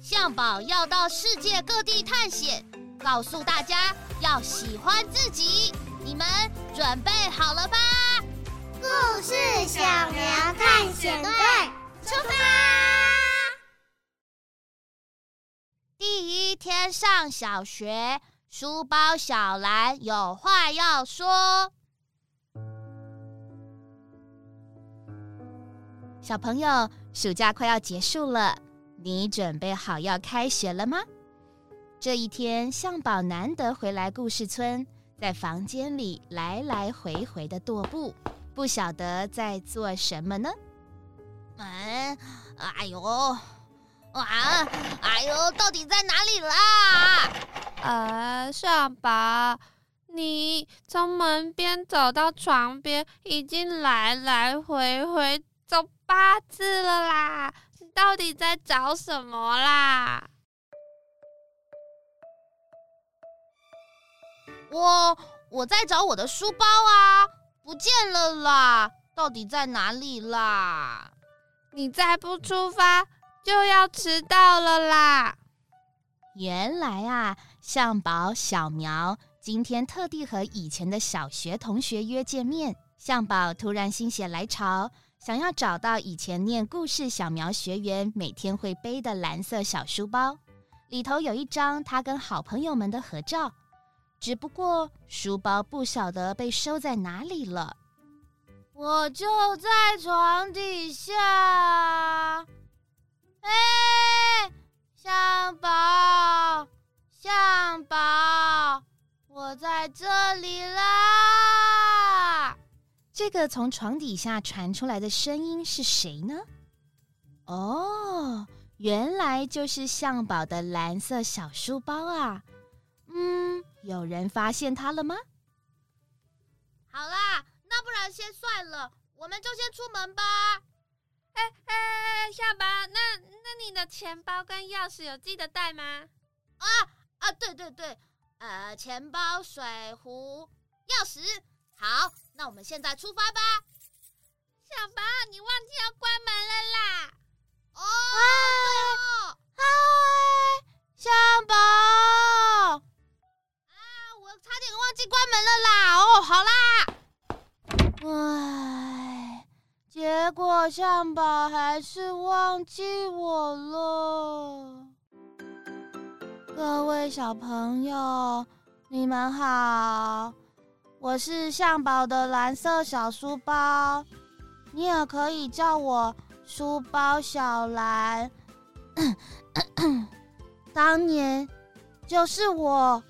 象寶要到世界各地探險，告訴大家要喜歡自己。你們準備好了嗎？故事小苗探險隊出發！第一天上小學，書包小藍有話要說。小朋友，暑假快要結束了。你準備好要開學了嗎？這一天，象寶難得回來故事村，在房間裡來來回回的踱步，不曉得在做什麼呢。門、啊，哎呦，哇、啊，哎呦，到底在哪裡啦？呃，象寶，你從門邊走到床邊，已經來來回回走八次了啦。到底在找什麼啦？我我在找我的書包啊，不見了啦！到底在哪裡啦？你再不出發就要遲到了啦！原來啊，象寶小苗今天特地和以前的小學同學約見面。象寶突然心血來潮。想要找到以前念故事小苗學員每天會背的藍色小書包，裡頭有一張他跟好朋友們的合照，只不過書包不曉得被收在哪裡了。我就在床底下，哎，象寶，象寶，我在這裡啦。這個從床底下傳出來的聲音是誰呢？哦，原來就是象寶的藍色小書包啊！嗯，有人發現它了嗎？好啦，那不然先算了，我們就先出門吧。哎哎，象寶，那那你的錢包跟鑰匙有記得帶嗎？啊啊，對對對，呃，錢包、水壺、鑰匙，好。那我們現在出發吧，象寶，你忘記要關門了啦！Oh, 啊、哦，哎，哦，象寶，啊，我差點忘記關門了啦！哦、oh，好啦，哎，結果象寶還是忘記我了。各位小朋友，你們好。我是象寶的藍色小書包，你也可以叫我書包小藍。 當年就是我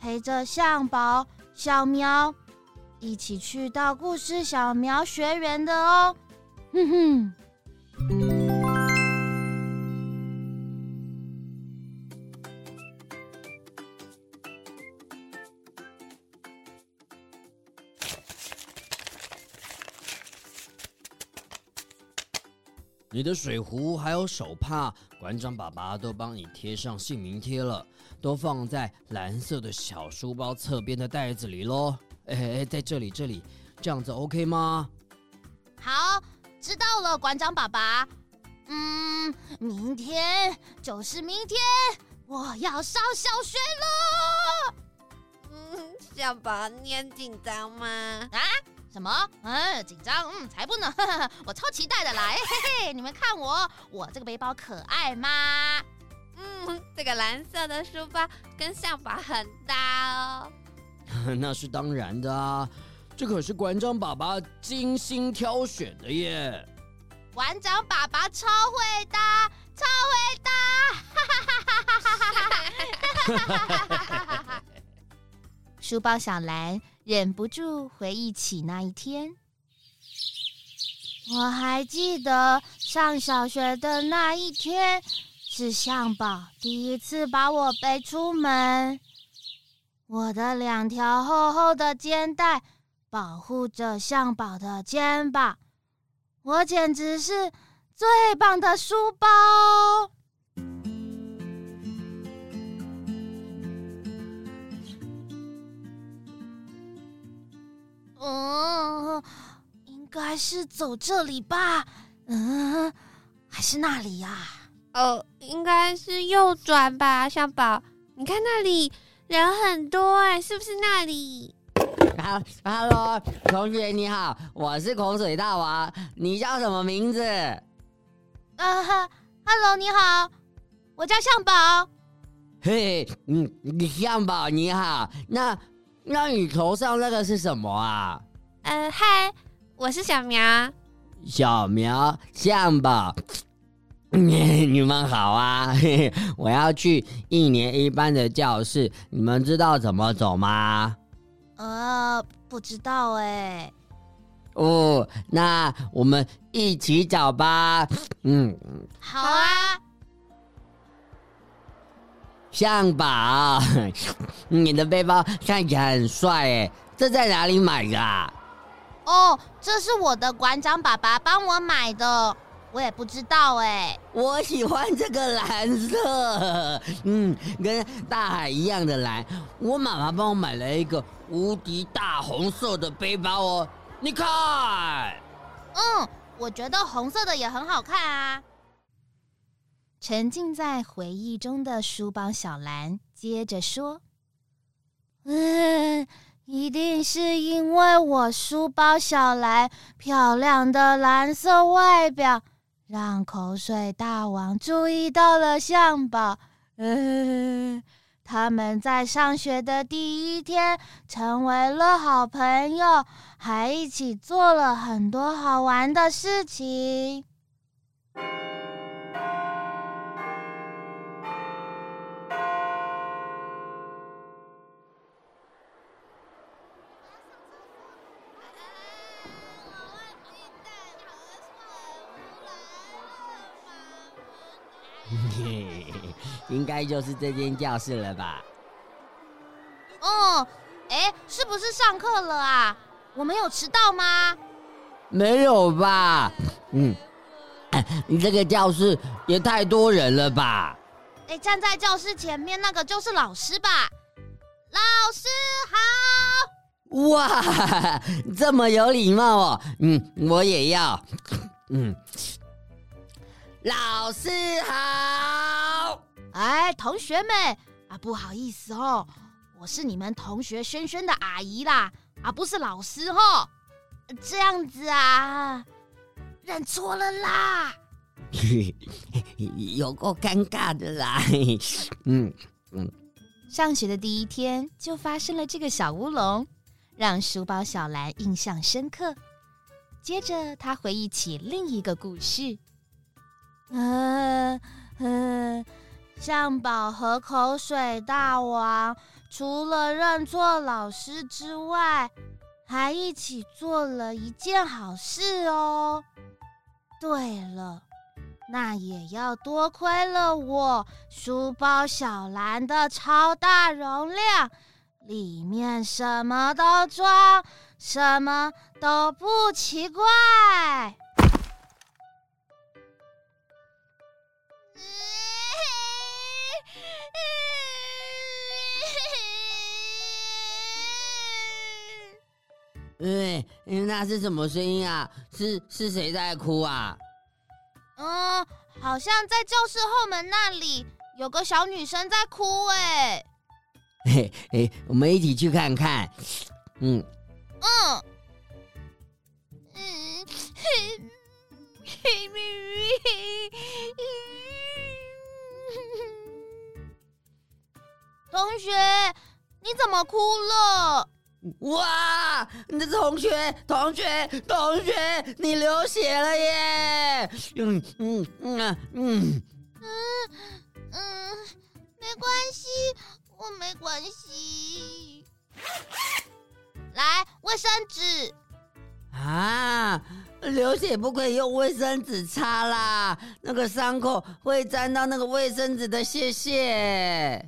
陪着象寶小苗一起去到故事小苗學園的哦。哼哼。 你的水壺還有手帕，館長爸爸都幫你貼上姓名貼了，都放在藍色的小書包側邊的袋子裡嘍。哎、欸、在這裡這裡，這樣子 OK 嗎？好，知道了，館長爸爸。嗯，明天就是明天，我要上小學了。啊、嗯，小寶，你很緊張嗎？啊？什麼？嗯，緊張？嗯，才不呢！我超期待的啦！欸、嘿嘿，你們看我，我這個背包可愛嗎？嗯，這個藍色的書包跟象寶很搭哦。 那是當然的啊，這可是館長爸爸精心挑選的耶！館長爸爸超會搭，超會搭！哈哈哈哈哈哈哈哈哈哈哈哈哈哈！ 書包小藍。忍不住回憶起那一天，我還記得上小學的那一天，是象寶第一次把我背出門。我的兩條厚厚的肩帶保護着象寶的肩膀，我簡直是最棒的書包哦。應該是走這裡吧，嗯，還是那裡呀、啊？哦，uh, 應該是右轉吧，象寶，你看那裡人很多、欸，哎，是不是那裡？哈、uh,，hello，同學你好，我是口水大王，你叫什麼名字？啊哈、uh,，hello，你好，我叫象寶。嘿、hey,，嗯，象寶你好，那那你頭上那個是什麼啊？嗯，嗨。我是小苗，小苗象寶，你們好啊！我要去一年一班的教室，你們知道怎麼走嗎？呃，不知道哎、欸。哦，那我們一起找吧。嗯，好啊。象寶，你的背包看起來很帥哎、欸，這在哪裡買的、啊？哦，oh, 這是我的館長爸爸幫我買的，我也不知道哎。我喜歡這個藍色，嗯，跟大海一樣的藍。我媽媽幫我買了一個無敵大紅色的背包哦，你看。嗯，我覺得紅色的也很好看啊。沉浸在回憶中的書包小藍接着說：“嗯， 一定。”是因為我書包小藍，漂亮的藍色外表，讓口水大王注意到了象寶。嗯，他們在上學的第一天成為了好朋友，還一起做了很多好玩的事情。 應該就是這間教室了吧？哦，哎、欸，是不是上課了啊？我沒有遲到嗎？沒有吧？嗯。你這個教室也太多人了吧？哎、欸，站在教室前面那個就是老師吧？老師好。哇，這麼有禮貌哦。嗯，我也要。嗯。老師好，哎，同學們啊，不好意思哦，我是你們同學軒軒的阿姨啦，啊，不是老師哦。這樣子啊，認錯了啦， 有夠尷尬的啦。嗯嗯，上學的第一天就發生了這個小烏龍，讓書包小藍印象深刻。接着，他回憶起另一個故事。嗯嗯，象、嗯、寶和口水大王除了認錯老師之外，還一起做了一件好事哦。對了，那也要多虧了我書包小藍的超大容量，裡面什麼都裝，什麼都不奇怪。對、欸，那是什麼聲音啊？是是誰在哭啊？嗯，好像在教室後門那裡有個小女生在哭、欸。哎，嘿嘿，我們一起去看看。嗯嗯，嘿嘿咪咪嘿嘿， 同學，你怎麼哭了？哇！你的同學、同學、同學，你流血了耶！嗯嗯嗯嗯嗯嗯，沒關係，我沒關係。 來，衛生紙。啊，流血不可以用衛生紙擦啦，那個傷口會沾到那個衛生紙的，屑屑。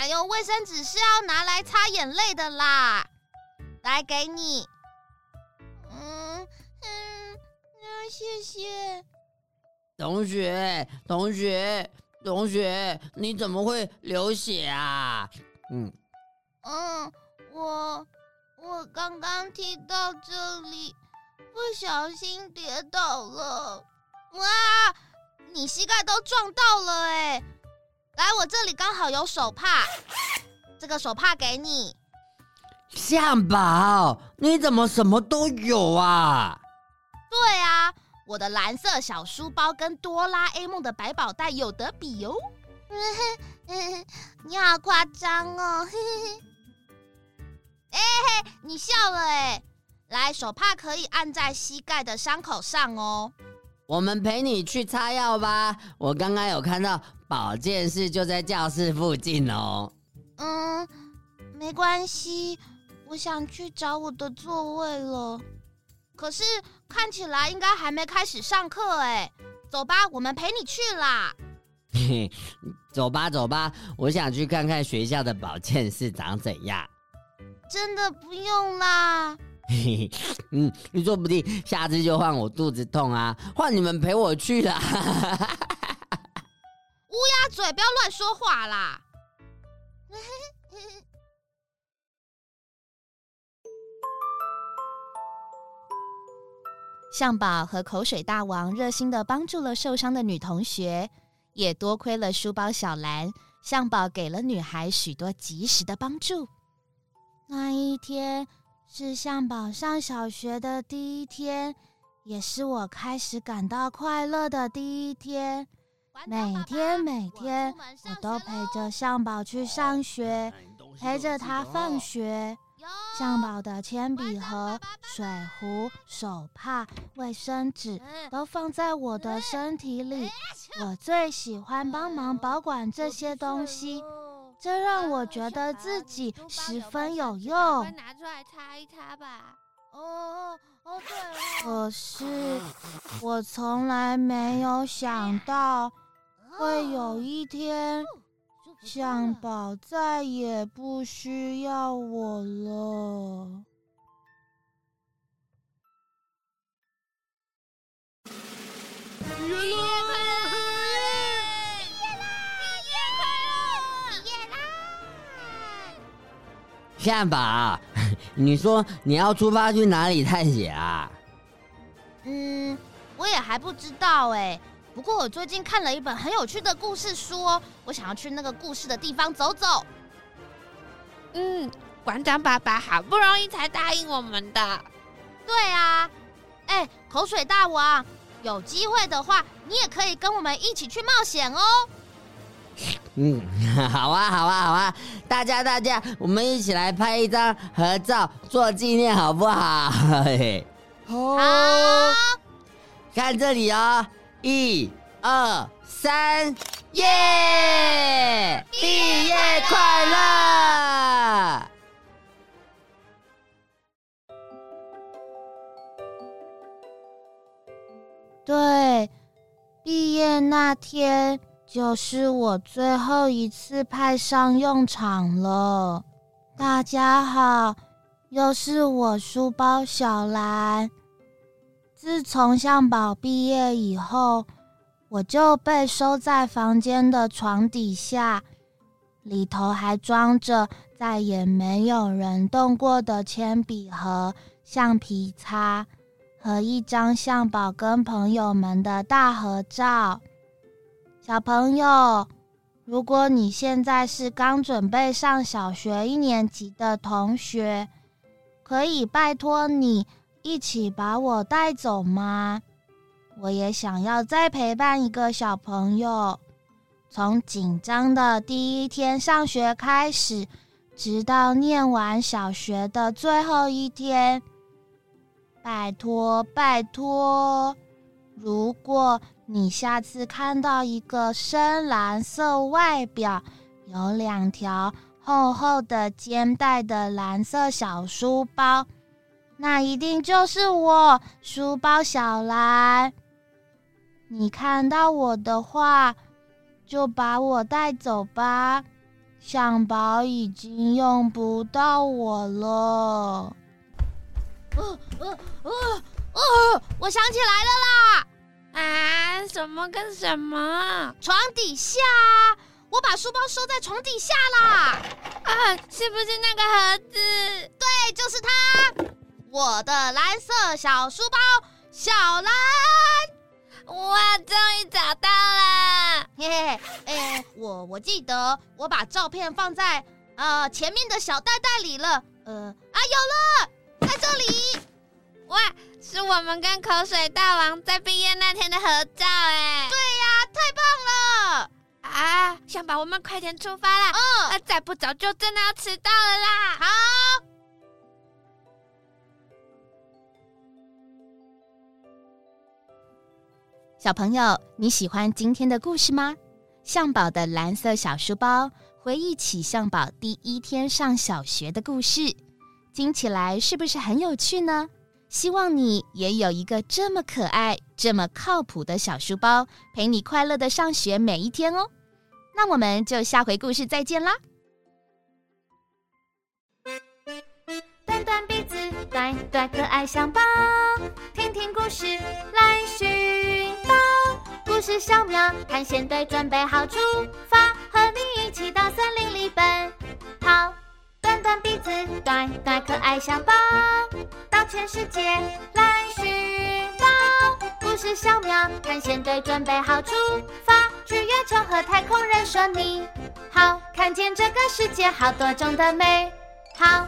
哎呦，衛生紙是要拿來擦眼淚的啦！來，給你嗯。嗯嗯，那、啊、謝謝。同學，同學，同學，你怎麼會流血啊？嗯嗯，我我剛剛踢到這裡，不小心跌倒了。哇，你膝蓋都撞到了哎、欸！來，我這裡剛好有手帕， 這個手帕給你。象寶，你怎麼什麼都有啊？對啊，我的藍色小書包跟哆啦 A 夢的百寶袋有得比哦。 你好誇張哦！ 哎嘿，你笑了哎。來，手帕可以按在膝蓋的傷口上哦。我們陪你去擦藥吧。我剛剛有看到。保健室就在教室附近哦。嗯，沒關係，我想去找我的座位了。可是看起來應該還沒開始上課哎、欸。走吧，我們陪你去啦。嘿 走吧，走吧，我想去看看學校的保健室長怎樣。真的不用啦。嘿嘿，嗯，你說不定下次就換我肚子痛啊，換你們陪我去啦。 烏鴉嘴，不要亂說話啦！象寶 和口水大王熱心的幫助了受傷的女同學，也多虧了書包小藍，象寶給了女孩許多及時的幫助。那一天是象寶上小學的第一天，也是我開始感到快樂的第一天。每天每天，每天爸爸我都陪着象寶去上學，哦、陪着他放學。象寶、哦、的鉛筆盒、蛋水壺、手帕、衛生紙都放在我的身體裡。哎、我最喜歡幫忙保管這些東西，哎、呦這讓我覺得自己十分有用。拿出來擦一擦吧！哦哦哦，對、哎、了，可是我從來沒有想到，會有一天，象寶再也不需要我了。象寶，你說你要出發去哪裡探險啊？嗯，我也還不知道哎。不過我最近看了一本很有趣的故事書哦，我想要去那個故事的地方走走。嗯，館長爸爸好不容易才答應我們的。對啊，哎，口水大王，有機會的話，你也可以跟我們一起去冒險哦。嗯，好啊，好啊，好啊，好啊！大家，大家，我們一起來拍一張合照做紀念，好不好？呵呵，好，哦、看這裡哦。一二三，耶、yeah!！畢業快樂！快樂，對，畢業那天就是我最後一次派上用場了。大家好，又是我書包小藍。自從象寶畢業以後，我就被收在房間的床底下，裡頭還裝着再也沒有人動過的鉛筆盒、橡皮擦和一張象寶跟朋友們的大合照。小朋友，如果你現在是剛準備上小學一年級的同學，可以拜託你一起把我帶走嗎？我也想要再陪伴一個小朋友，從緊張的第一天上學開始，直到念完小學的最後一天。拜托，拜托！如果你下次看到一個深藍色外表、有兩條厚厚的肩帶的藍色小書包，那一定就是我書包小藍，你看到我的話，就把我帶走吧。象寶已經用不到我了。哦哦哦哦、我想起來了啦！啊，什麼跟什麼？床底下，我把書包收在床底下啦。啊，是不是那個盒子？對，就是它。我的藍色小書包，小藍哇，終於找到了！嘿嘿嘿，哎、欸，我我記得我把照片放在呃前面的小袋袋裡了，呃，啊，有了，在這裡！哇，是我們跟口水大王在畢業那天的合照耶，哎，對呀、啊，太棒了！啊，象寶我們快點出發啦！嗯、啊，再不走就真的要遲到了啦！好。小朋友，你喜歡今天的故事嗎？象寶的藍色小書包回憶起象寶第一天上小學的故事，聽起來是不是很有趣呢？希望你也有一個這麼可愛、這麼靠譜的小書包，陪你快樂的上學每一天哦。那我們就下回故事再見啦！短短鼻子，短短可愛象寶，聽聽故事來續。故事小苗探險隊，準備好出發，和你一起到森林裡奔跑。短短鼻子，短短可愛象寶，到全世界來尋寶。故事小苗探險隊，準備好出發，去月球和太空人說你好，看見這個世界好多種的美好。